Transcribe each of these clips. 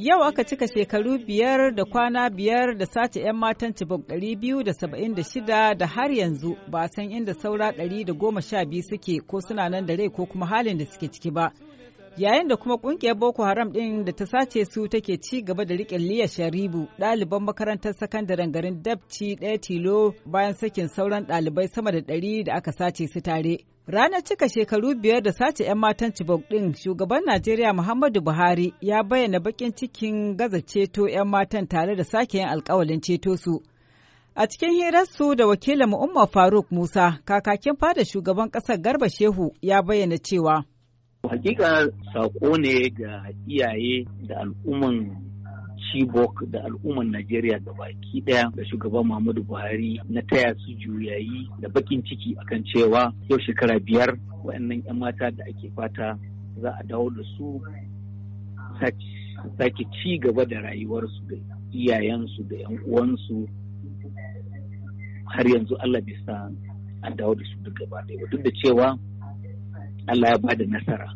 Yau aka cika shekaru biyar da kwana biyar da sace 'yan matan ɗari biyu da saba'in da da shida, har yanzu ba san inda saura ɗari da goma sha biyu suke ko suna nan da rai ko kuma halin da suke ciki ba. yayin da kuma kungiyar boko haram din da ta sace su take ci gaba da riƙe liya sharibu ɗaliban makarantar sakandaren garin dabci ɗaya tilo bayan sakin sauran ɗalibai sama da ɗari da aka sace su tare ranar cika shekaru biyar da sace 'yan matan cibok ɗin shugaban najeriya muhammadu buhari ya bayyana baƙin cikin gaza ceto 'yan matan tare da sake yin alkawalin ceto su A cikin hirarsu da wakilin Umar Faruk Musa, kakakin fada shugaban ƙasar Garba Shehu ya bayyana cewa. Hakika saƙo ne ga iyaye da al'umman Chibok da al'umman Najeriya da baki ɗaya. da shugaban Muhammadu Buhari na taya su juyayi da bakin ciki akan cewa yau shekara biyar waɗannan 'yan mata da ake fata za a dawo da su sake ci gaba da rayuwarsu da iyayensu da 'yan uwansu har yanzu Allah bisa a dawo da su duk gaba duk da cewa Allah ya ba da nasara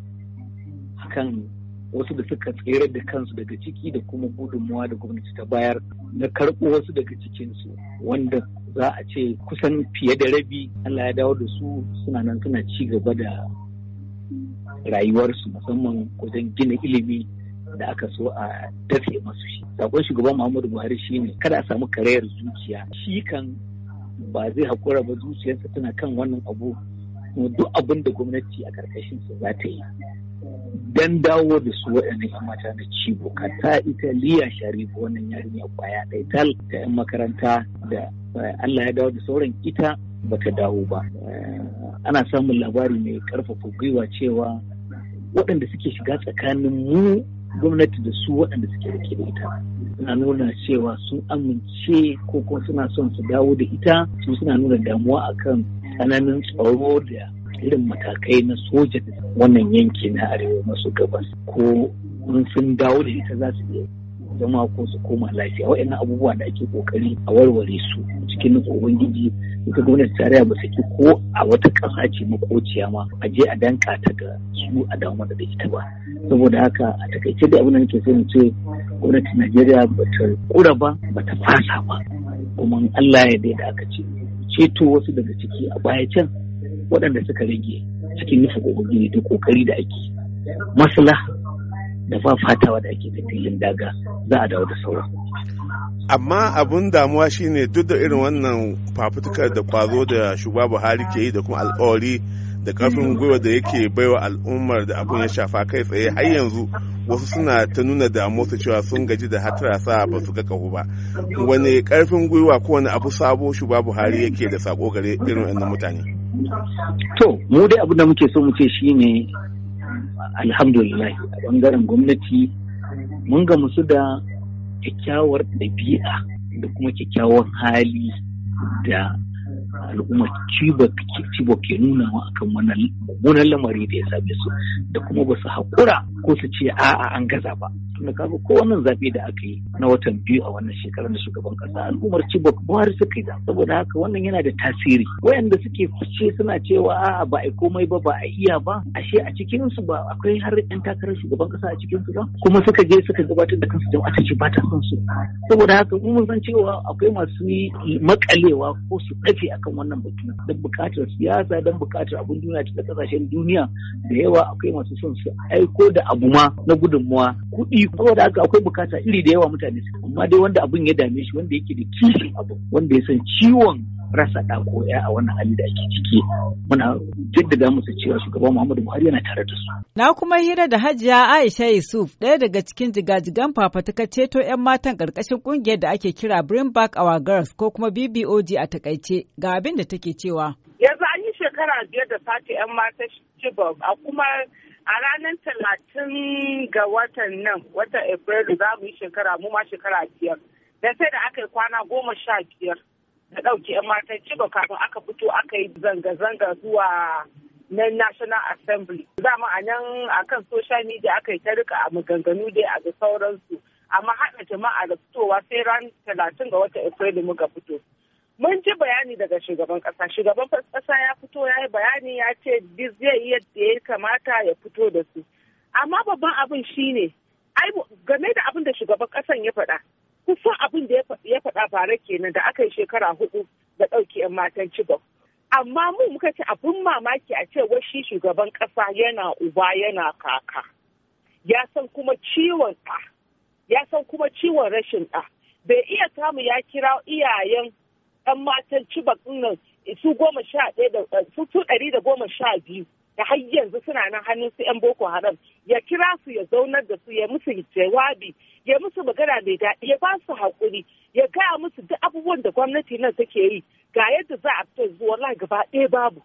akan wasu da suka tsere da kansu daga ciki da kuma gudunmuwa da gwamnati ta bayar na karɓo wasu daga cikinsu wanda za a ce kusan fiye da rabi Allah ya dawo da su suna nan suna ci gaba da rayuwarsu musamman wajen gina ilimi da aka so a dafe masu shi. Sakon shugaban Muhammadu Buhari shi ne. kada a samu karayar zuciya. Shi kan ba zai haƙura ba zuciyarsa tana kan wannan abu kuma duk abin da gwamnati a ƙarƙashin su za ta yi dan dawo da su waɗannan 'yan mata na cibo kata italiya sharifu wannan yarinya kwaya ɗaya tal ta 'yan makaranta da eh, allah ya dawo da sauran ita bata dawo ba eh, ana samun labari mai ƙarfafa gwiwa cewa waɗanda suke shiga tsakanin mu gwamnati da su waɗanda suke rike da ita suna nuna cewa sun amince ko kuma suna son su dawo da ita su suna nuna damuwa akan tsananin tsaro da irin matakai na soja da wannan yanki na arewa masu gabas ko sun dawo da ita za su iya zama ko su koma lafiya waɗannan abubuwa da ake kokari a warware su cikin ubangiji duka gwamnati tarayya ba saki ko a wata ƙasa ce makociya ma a je a danka ta ga su a damu da ita ba saboda haka a takaice da abin da nake son ce gwamnati najeriya ba ta kura ba ba ta fasa ba kuma allah ya da aka ce ceto wasu daga ciki a baya can waɗanda suka rage cikin nufin ubangiji da ƙoƙari da ake masala da ba fatawa da ake filin daga za a dawo da sauran amma abun damuwa shine duk da irin wannan fafutukar da kwazo da shugaba buhari ke yi da kuma alkawari da karfin gwiwa da yake baiwa al'ummar da abun ya shafa kai tsaye har yanzu wasu suna ta nuna da motsa cewa sun gaji da hatarasa ba su ga ba wani karfin gwiwa ko wani abu sabo shugaba buhari yake da sako gare irin wannan mutane to mu dai abin da muke so mu ce shine alhamdulillah a bangaren gwamnati mun ga musu da kyakkyawar ɗabi'a da kuma kyakkyawan hali da al'umma cibo ke nuna nunawa akan wannan mummunan lamari da ya same su da kuma ba su haƙura ko su ce a'a an gaza ba tunda kaga ko wannan zaɓe da aka yi na watan biyu a wannan shekarar da shugaban kasa. al'ummar cibok buhari suka yi saboda haka wannan yana da tasiri wayanda suke fice suna cewa a'a ba a komai ba ba a iya ba ashe a cikin su ba akwai har yan takarar shugaban ƙasa a cikin su ba kuma suka je suka gabatar da kansu jama'a ta ce ba ta son su saboda haka mun san cewa akwai masu makalewa ko su ɗafe akan wannan batu don buƙatar siyasa don bukatar abun duniya cikin kasashen duniya da yawa akwai masu son su aiko da abu ma na gudunmuwa kuɗi da aka akwai bukata iri da yawa mutane amma dai wanda abun ya dame shi wanda yake da kishin abu wanda ya san ciwon rasa ɗa ko ya a wannan hali da ake ciki muna jaddada musu cewa shugaban Muhammadu Buhari yana tare da su. Na kuma hira da Hajiya Aisha Yusuf ɗaya daga cikin jigajigan fafatukar ceto 'yan matan ƙarƙashin ƙungiyar da ake kira Bring Back Our Girls ko kuma BBOG a takaice ga abin da take cewa. Yanzu an yi shekara biyar da sati 'yan matan Chibok a kuma a ranar talatin ga watan nan watan Afrilu za mu yi shekara mu ma shekara biyar. Da sai da aka yi kwana goma sha biyar. ta ɗauki 'yan matan ciba kafin aka fito aka yi zanga-zanga zuwa na National Assembly. Zama a nan a kan social media aka yi ta rika a maganganu dai a ga sauransu. Amma haɗa jama'a da fitowa sai ran talatin ga watan Afrilu muka fito. Mun ji bayani daga shugaban ƙasa. Shugaban ƙasa ya fito ya yi bayani ya ce zai yi yadda ya kamata ya fito da su. Amma babban abin shine, ai game da abin da shugaban ƙasan ya faɗa, kusan abin da ya faɗa fara kenan da aka yi shekara hudu da ɗauki 'yan matan cibok Amma mu muka ce abin mamaki a ce shi shugaban ƙasa yana uba yana kaka. Ya san kuma ciwon ɗa, ya san kuma ciwon rashin ɗa. Bai iya samu ya kira iyayen 'yan matan cibok nan su goma sha ɗaya da su ɗari da goma sha biyu da har yanzu suna nan hannun su 'yan Boko Haram ya kira su ya zaunar da su ya musu jawabi ya musu magana mai daɗi ya ba su haƙuri ya gaya musu duk abubuwan da gwamnati nan take yi ga yadda za a fito zuwa la gaba ɗaya babu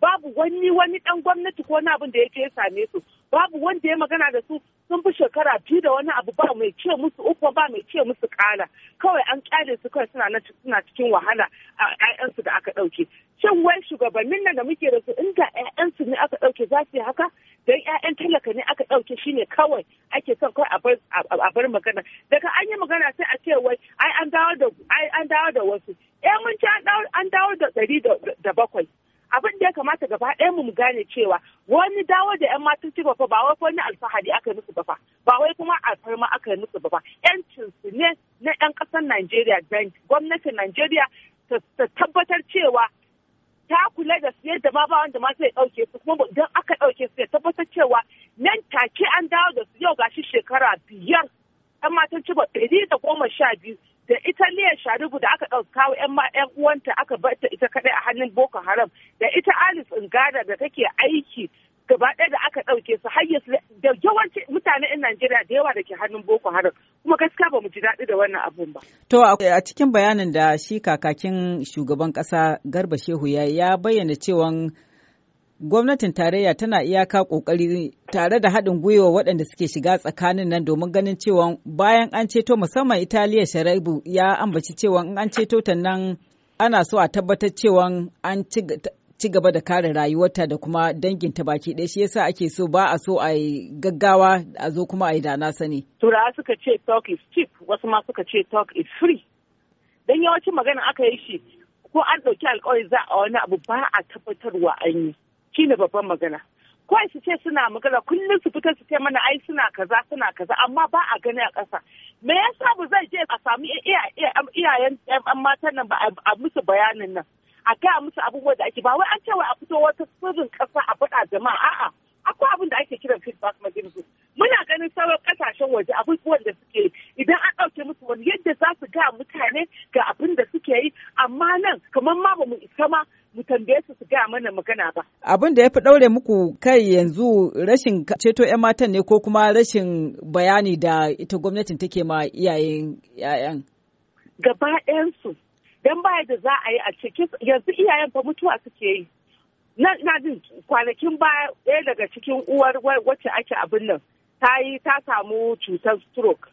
babu wani wani ɗan gwamnati ko wani abin da ya je ya same su babu wanda ya magana da su sun fi shekara biyu da wani abu ba mai ce musu uku ba mai ce musu kala kawai an kyale su kawai suna suna cikin wahala a 'ya'yansu da aka ɗauke shin wai shugabannin nan da muke da su inda 'ya'yansu ne aka ɗauke za su yi haka don 'ya'yan talaka ne aka ɗauke shi ne kawai ake son kawai a bar magana daga an yi magana sai a ce wai ai an dawo da wasu eh mun ci an dawo da ɗari da bakwai abin da ya kamata gaba ɗaya mu gane cewa wani dawo da 'yan matan ci fa ba wai wani alfahari aka yi musu ba ba wai kuma alfarma aka yi musu ba yancin su ne na 'yan ƙasar Najeriya gwamnatin Najeriya ta tabbatar cewa Lagos yadda da ba wanda ma ya dauke su kuma don aka ɗauke su ya tabbatar cewa nan take an dawo da su yau ga shi shekara biyar ɗan matan ciba ɗari da goma sha biyu da italiya sharibu da aka kawo yan uwanta aka bar ita kaɗai a hannun boko haram da ita alice ingada da take aiki gaba ɗaya da aka ɗauke su har da yawanci mutane in najeriya da yawa da ke hannun boko haram kuma gaskiya ba mu ji daɗi da wannan abun ba. To a cikin bayanin da shi kakakin shugaban ƙasa Garba Shehu ya ya bayyana cewa gwamnatin tarayya tana iyaka ƙoƙari tare da haɗin gwiwa waɗanda suke shiga tsakanin nan domin ganin cewa bayan an ceto musamman Italiya Sharaibu ya ambaci cewa in an ceto ta nan ana so a tabbatar cewa an ci ci gaba da kare rayuwarta da kuma danginta baki ɗaya shi yasa ake so ba a so a yi gaggawa a zo kuma a yi dana sani. Turawa suka ce talk is cheap wasu ma suka ce talk is free. Dan yawancin magana aka yi shi ko an ɗauki alkawari za a wani abu ba a tabbatarwa an yi shi ne babban magana. Kawai su ce suna magana kullum su fitar su ce mana ai suna kaza suna kaza amma ba a gani a ƙasa. Me yasa ba zai je a sami iyayen matan nan ba a musu bayanin nan. a gaya musu abubuwa da ake ba wai an cewa a fito wata sirrin kasa a faɗa jama'a a'a akwai abin da ake kiran feedback mechanism muna ganin sauran kasashen waje abubuwan da suke idan an ɗauke musu wani yadda za su ga mutane ga abin da suke yi amma nan kamar ma ba mu isa ma mu tambaye su su ga mana magana ba. Abin da ya fi ɗaure muku kai yanzu rashin ceto 'yan matan ne ko kuma rashin bayani da ita gwamnatin take ma iyayen 'ya'yan. Gaba ɗayansu don baya da za a yi a ciki yanzu iyayen fa mutuwa suke yi na jin kwanakin baya ɗaya daga cikin uwar wacce ake abin nan ta yi ta samu cutar stroke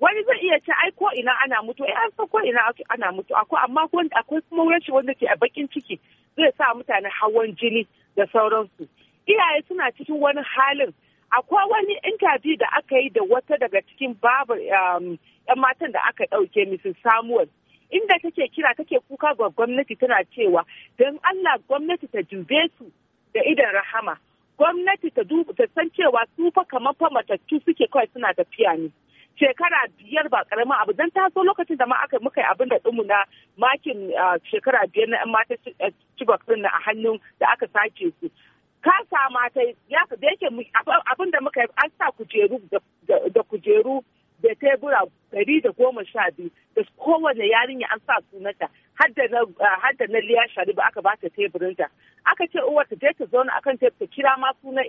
wani zai iya ce ai ko ina ana mutu ai eh, an ko ina ana mutu akwai amma akwai kuma wani wanda ke a bakin ciki zai sa mutane hawan jini da sauransu iyaye suna cikin wani halin akwai wani intabi da aka yi da wata daga cikin babu um, yan matan da aka ɗauke misin samuwar inda take kira take kuka ga gwamnati tana cewa don Allah gwamnati ta jube su da idan rahama gwamnati ta san cewa su fa kamar fa matattu suke kawai suna tafiya ne shekara biyar ba karamin abu don taso lokacin da ma aka muka yi abin da ɗinmu na makin shekara biyar na 'yan mata cibok eh, a hannun da aka sace su kasa mata ya da yake abin da muka yi an sa kujeru da kujeru da tebura ɗari da goma sha biyu da kowane yarinya an sa sunata eh, har da na liya shariba aka ba ta teburinta aka ce uwar ta je ta zauna akan tebur ta kira ma sunan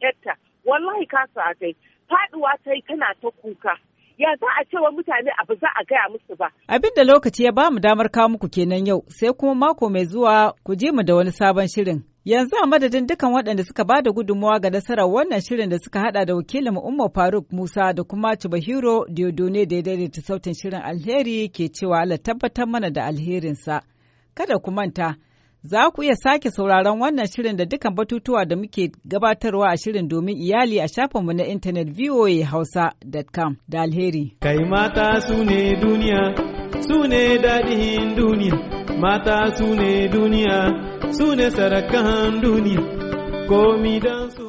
yarta wallahi ka sa a kai faɗuwa ta yi tana ta kuka ya za a cewa mutane abu za a gaya musu ba. Abin da lokaci ya ba mu damar kawo muku kenan yau sai kuma mako mai zuwa ku je mu da wani sabon shirin. Yanzu a madadin dukan waɗanda suka ba da gudunmawa ga nasarar wannan shirin da suka hada da wakilin Umar Faruk Musa da kuma Chibahiro Diodone da ya daidaita sautin shirin alheri ke cewa Allah tabbatar mana da alherinsa. Kada ku manta, za ku iya sake sauraron wannan shirin da dukan batutuwa da muke gabatarwa a shirin domin iyali a shafinmu na intanet voahausa.com da alheri. Kai mata su ne duniya, su ne daɗin duniya. mata su ne duniya su ne sarakan duniya komi dan su